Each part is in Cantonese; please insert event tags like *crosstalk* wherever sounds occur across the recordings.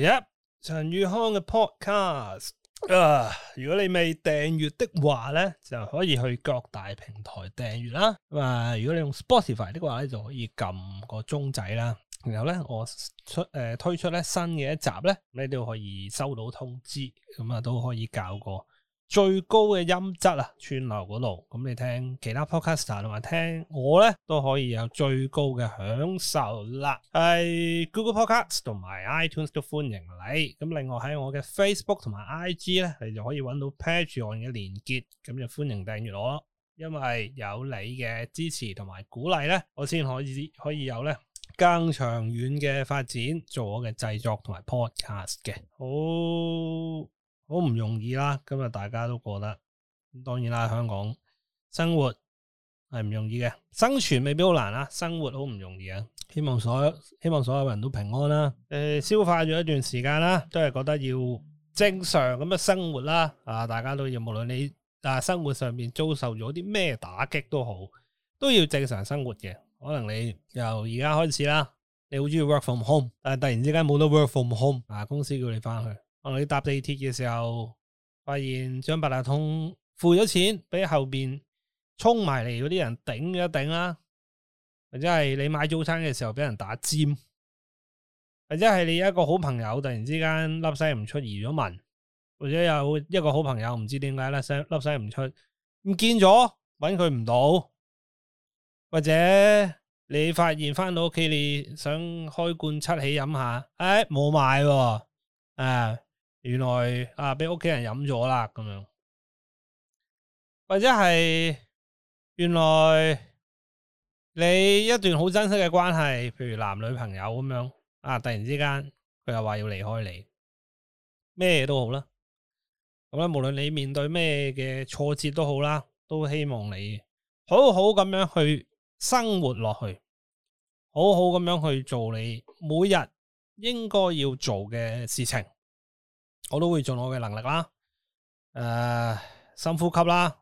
Yep，陳宇康嘅 podcast 啊，uh, 如果你未訂閱的話呢，就可以去各大平台訂閱啦。啊、uh，如果你用 Spotify 的話呢，就可以撳個鐘仔啦。然後呢，我出誒、呃、推出呢新嘅一集呢，你都可以收到通知，咁啊都可以搞過。最高嘅音質啊，串流嗰度，咁你聽其他 podcaster 同埋聽我咧，都可以有最高嘅享受啦。係 Google Podcast 同埋 iTunes 都歡迎你。咁另外喺我嘅 Facebook 同埋 IG 咧，你就可以揾到 Patreon 嘅連結，咁就歡迎訂閱我。因為有你嘅支持同埋鼓勵咧，我先可以可以有咧更長遠嘅發展，做我嘅製作同埋 podcast 嘅。好。好唔容易啦，今日大家都過得，當然啦，香港生活係唔容易嘅，生存未必好難啦，生活好唔容易啊！希望所有希望所有人都平安啦。誒、呃，消化咗一段時間啦，都係覺得要正常咁嘅生活啦。啊，大家都要，無論你啊，生活上面遭受咗啲咩打擊都好，都要正常生活嘅。可能你由而家開始啦，你好中意 work from home，但係突然之間冇得 work from home，啊，公司叫你翻去。我哋搭地鐵嘅時候，發現張八達通付咗錢，畀後邊衝埋嚟嗰啲人頂一頂啦；或者係你買早餐嘅時候，俾人打尖；或者係你一個好朋友突然之間粒聲唔出，移咗民；或者有一個好朋友唔知點解粒聲粒聲唔出不了，唔見咗，搵佢唔到；或者你發現翻到屋企，你想開罐七喜飲下，哎冇買，誒、啊。原來啊，俾屋企人飲咗啦，咁樣或者係原來你一段好珍惜嘅關係，譬如男女朋友咁樣啊，突然之間佢又話要離開你，咩都好啦。咁咧，無論你面對咩嘅挫折都好啦，都希望你好好咁樣去生活落去，好好咁樣去做你每日應該要做嘅事情。我都會盡我嘅能力啦，誒、呃，深呼吸啦，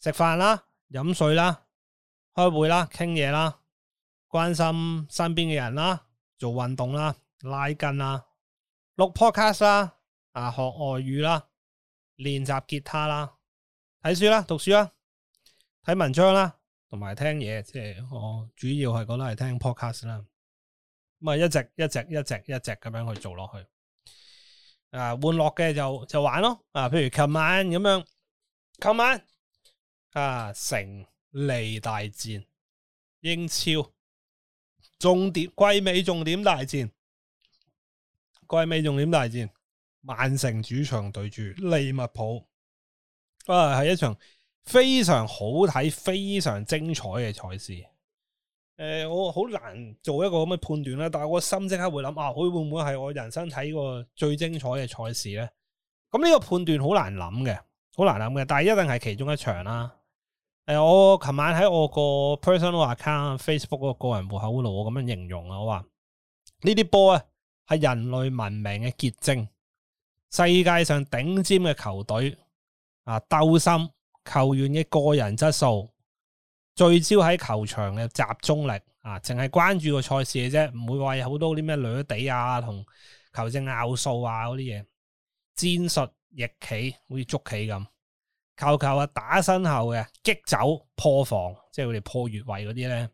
食飯啦，飲水啦，開會啦，傾嘢啦，關心身邊嘅人啦，做運動啦，拉筋啦，錄 podcast 啦，啊，學外語啦，練習吉他啦，睇書啦，讀書啦，睇文章啦，同埋聽嘢，即係，我主要係覺得係聽 podcast 啦，咁啊，一直一直一直一直咁樣去做落去。啊，玩樂嘅就就玩咯，啊，譬如琴晚咁樣，琴晚啊，城利大戰英超重點季尾重點大戰，季尾重點大戰，曼城主場對住利物浦，啊，係一場非常好睇、非常精彩嘅賽事。誒、呃，我好難做一個咁嘅判斷啦，但係我心即刻會諗啊，佢會唔會係我人生睇過最精彩嘅賽事咧？咁呢個判斷好難諗嘅，好難諗嘅。但係一定係其中一場啦，啊。誒、呃，我琴晚喺我個 personal account Facebook 嗰個個人戶口度，我咁樣形容啊，我話呢啲波啊係人類文明嘅結晶，世界上頂尖嘅球隊啊鬥心球員嘅個人質素。聚焦喺球場嘅集中力啊，淨係關注個賽事嘅啫，唔會話有好多啲咩女底啊同球證拗數啊嗰啲嘢。戰術亦企好似捉棋咁，球球啊打身後嘅，擊走破防，即係佢哋破越位嗰啲咧。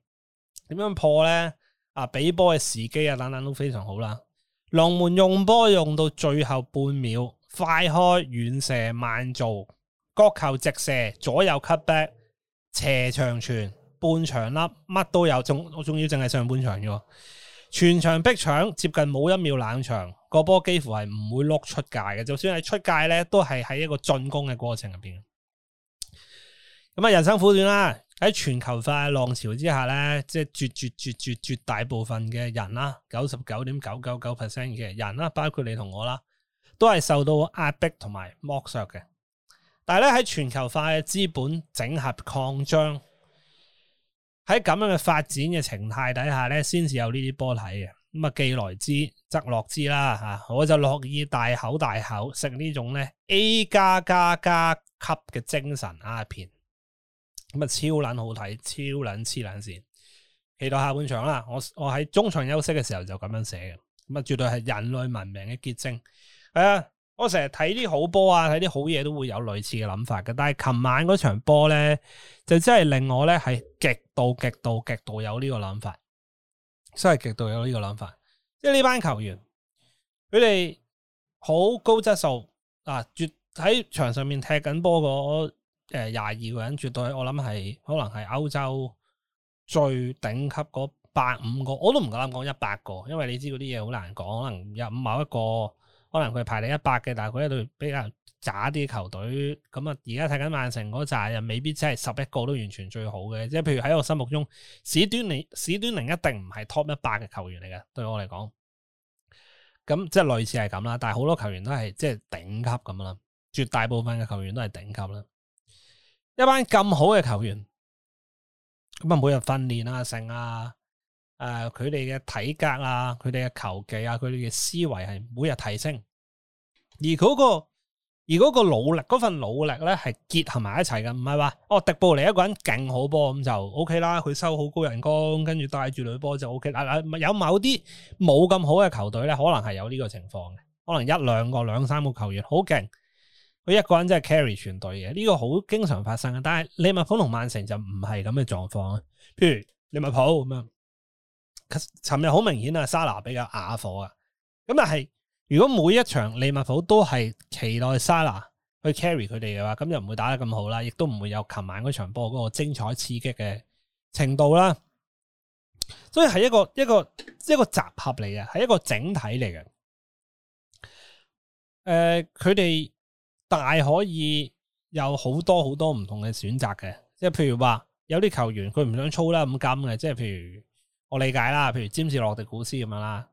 點樣破咧？啊，俾波嘅時機啊，等等都非常好啦。龍門用波用到最後半秒，快開遠射慢做，角球直射，左右 cut back。斜長傳半場粒，乜都有。仲仲要淨係上半場嘅，全場逼搶，接近冇一秒冷場。個波幾乎係唔會碌出界嘅，就算係出界咧，都係喺一個進攻嘅過程入邊。咁啊，人生苦短啦！喺全球化浪潮之下咧，即係絕絕絕絕絕絕絕大部分嘅人啦，九十九點九九九 percent 嘅人啦，包括你同我啦，都係受到壓迫同埋剝削嘅。但係咧，喺全球化嘅資本整合擴張，喺咁樣嘅發展嘅情態底下咧，先至有呢啲波睇嘅。咁啊，既來之則樂之啦吓，我就樂意大口大口食呢種咧 A 加加加級嘅精神鴉片，咁啊，超撚好睇，超撚黐撚線。期待下半場啦，我我喺中場休息嘅時候就咁樣寫嘅，咁啊絕對係人類文明嘅結晶。係啊。我成日睇啲好波啊，睇啲好嘢，都會有類似嘅諗法嘅。但係琴晚嗰場波咧，就真係令我咧係極度、極度、極度有呢個諗法，真係極度有呢個諗法。即係呢班球員，佢哋好高質素啊！絕喺場上面踢緊波嗰誒廿二個人，絕對我諗係可能係歐洲最頂級嗰百五個，我都唔夠膽講一百個，因為你知嗰啲嘢好難講，可能有某一個。可能佢排你一百嘅，但係佢一類比較渣啲球隊咁啊。而家睇緊曼城嗰陣，又未必真係十一個都完全最好嘅，即係譬如喺我心目中史端寧，史端寧一定唔係 top 一百嘅球員嚟嘅，對我嚟講咁即係類似係噉啦，但係好多球員都係即係頂級咁啦，絕大部分嘅球員都係頂級啦。一班咁好嘅球員，咁啊每日訓練啊，成啊。誒、呃，佢哋嘅體格啊，佢哋嘅球技啊，佢哋嘅思維係每日提升。而嗰個而嗰個努力，嗰份努力咧係結合埋一齊嘅，唔係話哦迪布尼一個人勁好波咁就 OK 啦，佢收好高人工，跟住帶住隊波就 OK 啦。有某啲冇咁好嘅球隊咧，可能係有呢個情況嘅，可能一兩個兩三個球員好勁，佢一個人真係 carry 全隊嘅，呢個好經常發生嘅。但係利物浦同曼城就唔係咁嘅狀況啊，譬如利物浦咁樣。尋日好明顯啊，沙拿比較啞火啊，咁但係如果每一場利物浦都係期待沙拿去 carry 佢哋嘅話，咁就唔會打得咁好啦，亦都唔會有琴晚嗰場波嗰個精彩刺激嘅程度啦。所以係一個一個一個集合嚟嘅，係一個整體嚟嘅。誒、呃，佢哋大可以有好多好多唔同嘅選擇嘅，即係譬如話有啲球員佢唔想操啦咁咁嘅，即係譬如。我理解啦，譬如詹士羅迪古斯咁樣啦，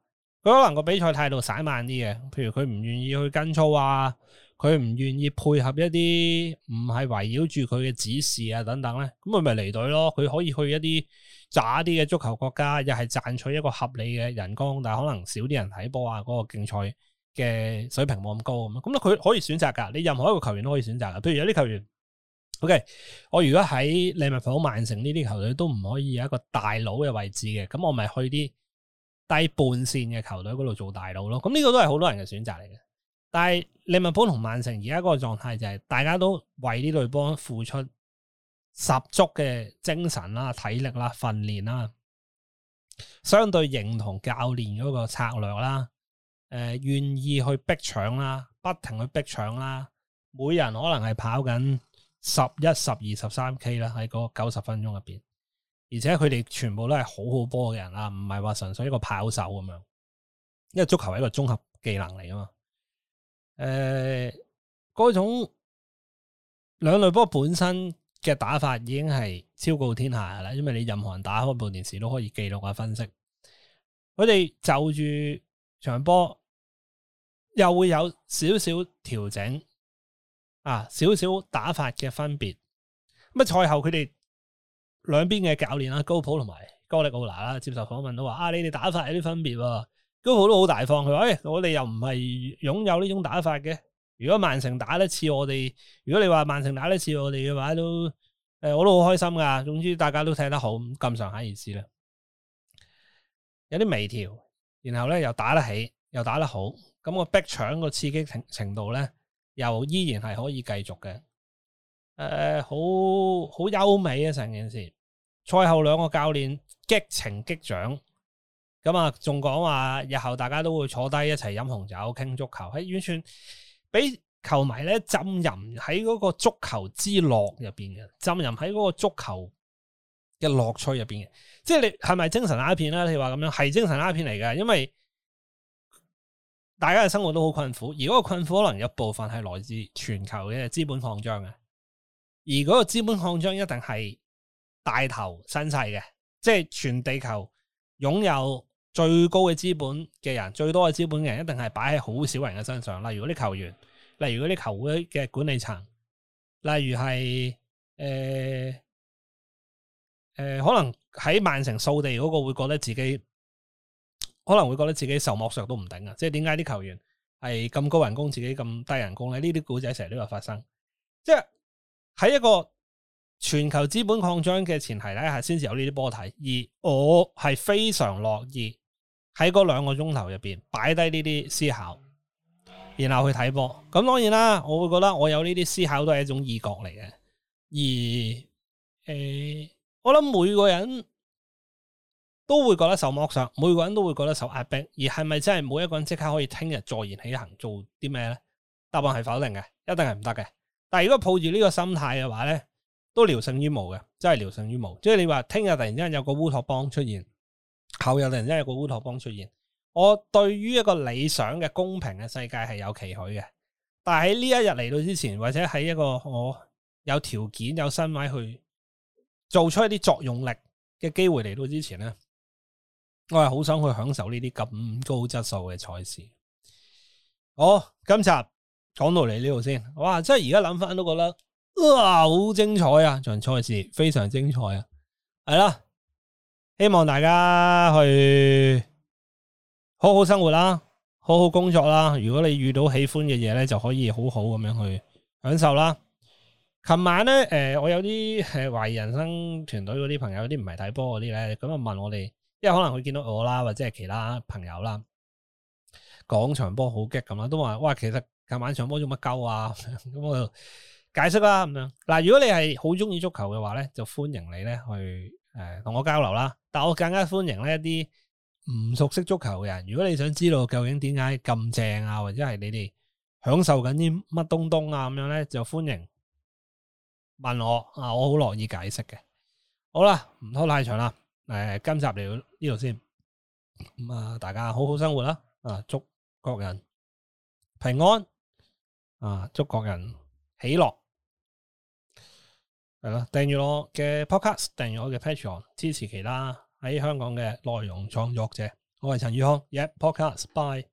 佢可能個比賽態度散漫啲嘅，譬如佢唔願意去跟操啊，佢唔願意配合一啲唔係圍繞住佢嘅指示啊等等咧，咁佢咪離隊咯。佢可以去一啲渣啲嘅足球國家，又係賺取一個合理嘅人工，但係可能少啲人睇波啊，嗰個競賽嘅水平冇咁高咁。咁佢可以選擇噶，你任何一個球員都可以選擇噶。譬如有啲球員。O.K. 我如果喺利物浦、曼城呢啲球隊都唔可以有一個大佬嘅位置嘅，咁我咪去啲低半綫嘅球隊嗰度做大佬咯。咁呢個都係好多人嘅選擇嚟嘅。但係利物浦同曼城而家嗰個狀態就係大家都為呢隊波付出十足嘅精神啦、體力啦、訓練啦，相對認同教練嗰個策略啦，誒、呃，願意去逼搶啦，不停去逼搶啦，每人可能係跑緊十一、十二、十三 K 啦，喺嗰九十分鐘入邊，而且佢哋全部都係好好波嘅人啦，唔係話純粹一個跑手咁樣，因為足球係一個綜合技能嚟啊嘛。誒、呃，嗰種兩類波本身嘅打法已經係超過天下噶啦，因為你任何人打開部電視都可以記錄啊分析。佢哋就住場波又會有少少調整。啊，少少打法嘅分別。咁啊，賽後佢哋兩邊嘅教練啊，高普同埋高力奧拿啦，接受訪問都話：啊，你哋打法有啲分別。高普都好大方，佢話：誒、欸，我哋又唔係擁有呢種打法嘅。如果曼城打得似我哋，如果你話曼城打得似我哋嘅話，都誒、欸，我都好開心噶。總之大家都睇得好，咁上下意思啦。有啲微調，然後咧又打得起，又打得好。咁我逼搶個刺激程程度咧。又依然係可以繼續嘅，誒、呃，好好優美啊！成件事，賽後兩個教練激情擊掌，咁啊，仲講話日後大家都會坐低一齊飲紅酒傾足球，係完全俾球迷咧浸淫喺嗰個足球之樂入邊嘅，浸淫喺嗰個足球嘅樂趣入邊嘅，即係你係咪精神鴉片啦？你話咁樣係精神鴉片嚟嘅，因為。大家嘅生活都好困苦，而嗰個困苦可能有部分係來自全球嘅資本擴張嘅，而嗰個資本擴張一定係大頭身細嘅，即係全地球擁有最高嘅資本嘅人，最多嘅資本嘅人，一定係擺喺好少人嘅身上。例如嗰啲球員，例如嗰啲球會嘅管理層，例如係誒誒，可能喺曼城掃地嗰個會覺得自己。可能會覺得自己受剝削都唔頂啊！即係點解啲球員係咁高人工，自己咁低人工咧？呢啲古仔成日都有發生，即係喺一個全球資本擴張嘅前提底下，先至有呢啲波睇。而我係非常樂意喺嗰兩個鐘頭入邊擺低呢啲思考，然後去睇波。咁當然啦，我會覺得我有呢啲思考都係一種意覺嚟嘅。而誒、欸，我諗每個人。都會覺得受剝削，每個人都會覺得受壓迫。而係咪真係每一個人即刻可以聽日再燃起行做啲咩咧？答案係否定嘅，一定係唔得嘅。但係如果抱住呢個心態嘅話咧，都聊勝於無嘅，真係聊勝於無。即係你話聽日突然之間有個烏托邦出現，後日突然之間有個烏托邦出現。我對於一個理想嘅公平嘅世界係有期許嘅，但係喺呢一日嚟到之前，或者喺一個我有條件有身位去做出一啲作用力嘅機會嚟到之前咧。我係好想去享受呢啲咁高質素嘅賽事。好，今集講到嚟呢度先。哇，即係而家諗翻都覺得哇，好精彩啊！場賽事非常精彩啊，係啦。希望大家去好好生活啦，好好工作啦。如果你遇到喜歡嘅嘢咧，就可以好好咁樣去享受啦。琴晚咧，誒、呃，我有啲係懷疑人生團隊嗰啲朋友，有啲唔係睇波嗰啲咧，咁啊問我哋。因為可能會見到我啦，或者係其他朋友啦，講場波好激咁樣都話哇，其實今晚場波做乜鳩啊？咁 *laughs* 我就解釋啦咁樣。嗱，如果你係好中意足球嘅話咧，就歡迎你咧去誒同、呃、我交流啦。但我更加歡迎咧一啲唔熟悉足球嘅人。如果你想知道究竟點解咁正啊，或者係你哋享受緊啲乜東東啊咁樣咧，就歡迎問我啊，我好樂意解釋嘅。好啦，唔拖太長啦。誒，今集聊呢度先，大家好好生活啦，啊，祝各人平安，啊，祝各人喜樂，係咯，訂閱我嘅 podcast，訂閱我嘅 Patreon，支持其他喺香港嘅內容創作者，我係陳宇康，耶、yep, podcast，bye。